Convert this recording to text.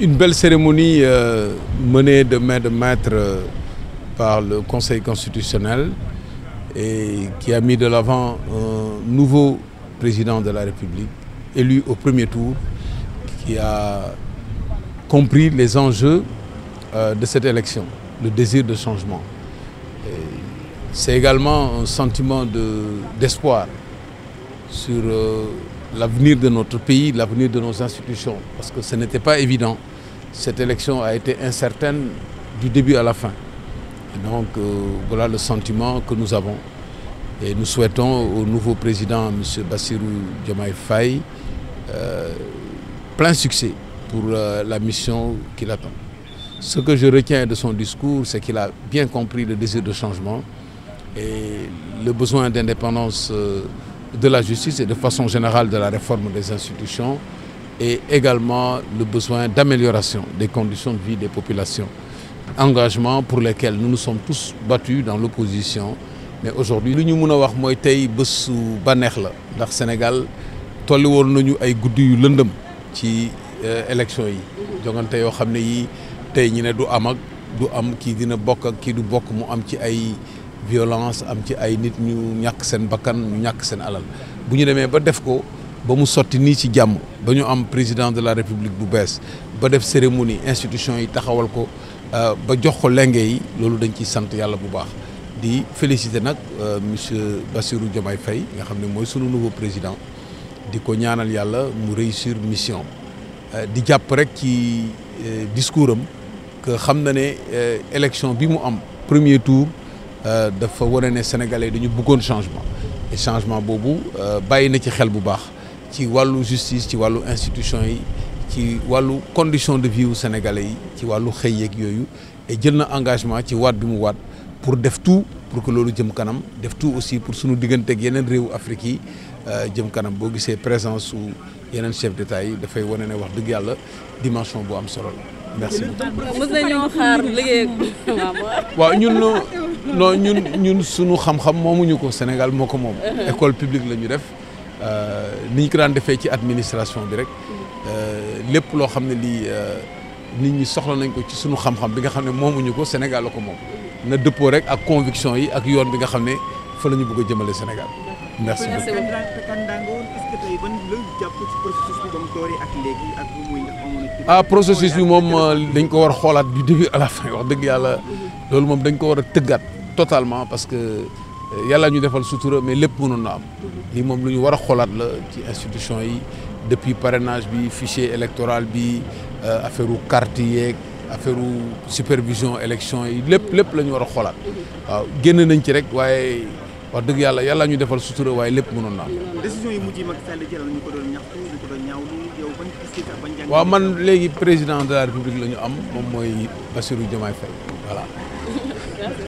une belle cérémonie euh, menée de main de maître euh, par le Conseil constitutionnel et qui a mis de l'avant un nouveau président de la République, élu au premier tour, qui a compris les enjeux euh, de cette élection, le désir de changement. C'est également un sentiment d'espoir de, sur euh, l'avenir de notre pays, l'avenir de nos institutions, parce que ce n'était pas évident cette élection a été incertaine du début à la fin. Et donc euh, voilà le sentiment que nous avons. Et nous souhaitons au nouveau président, M. Bassirou Diomaye Faye, euh, plein succès pour euh, la mission qu'il attend. Ce que je retiens de son discours, c'est qu'il a bien compris le désir de changement et le besoin d'indépendance euh, de la justice et de façon générale de la réforme des institutions. et également le besoin d'amélioration des conditions de vie des populations. Engagement pour lesquels nous nous sommes tous battus dans l'opposition mais aujourd'hui li ñu mun a wax mooy tey bésu bànneex la ndax Sénégal tolli woon nañu ay guddi yu lëndëm ci euh, élection yi jongante yoo xam ne yi tey ñu ne du am ak du am kii dina bokk ak kii du bokk mu am ci ay violence am ci ay nit ñu ñàkk seen bakkan ñu ñàkk seen alal bu ñu demee ba def ko ba mu sotti nii ci jàmm ba ñu am président de la république bu bees ba def cérémonie institution yi taxawal ko euh, ba jox ko lenge yi loolu dañ ciy sant yàlla bu baax di féliciter nag euh, monsieur Bassirou Diomaye Faye nga xam ne mooy sunu nouveau président di ko ñaanal yàlla mu réussir mission euh, di jàpp rek ci discours am que xam na ne élection bi mu am premier tour dafa wane ne sénégalais dañu bëggoon changement et changement boobu bàyyi na ci xel bu baax ci wàllu justice ci wàllu institution yi ci wàllu condition de vie wu yi ci wàllu xëy yeeg yooyu et jël na engagement ci waat bi mu waat pour def tout pour que loolu jëm kanam def tout aussi pour sunu diggante ak yeneen réewu Afrique yi euh, jëm kanam boo gisee présence su yeneen chef d'État yi dafay wane ne wax dëgg yàlla dimension bu am solo la. merci mës nañoo xaar liggéey waaw ñun non ñun ñun sunu xam moomuñu ko Sénégal moo ko moom. Uh-huh. école publique la ñu def. Euh, ni ñu ko daan defee ci administration bi rek euh, lépp loo xam ne lii euh, nit ñi soxla nañ ko ci suñu xam-xam bi nga xam ne moomuñu ko Sénégal la ko moom na dëppoo rek ak conviction yi ak yoon bi nga xam ne fa la ñu bëgg a jëmale Sénégal. merci beaucoup ah processus bi moom dañ ko war a xoolaat bi début à la fin wax dëgg yàlla loolu moom dañ ko war a tëggaat totalement parce que. yàlla ñu defal sutura mais lépp mënoon na am lii moom lu ñu war a xoolaat la ci institution yi depuis parrainage bi fichier électoral bi euh, affaire u carte yeeg affaire u supervision élection yi lépp lépp lañu ñu war a xoolaat waaw génn nañ ci rek waaye wax dëgg yàlla yàlla ñu defal sutura waaye lépp mënoon na am. décision yi mujj yi Macky waaw man léegi président de la république la ñu am moom mooy Bassirou Diomaye Faye voilà.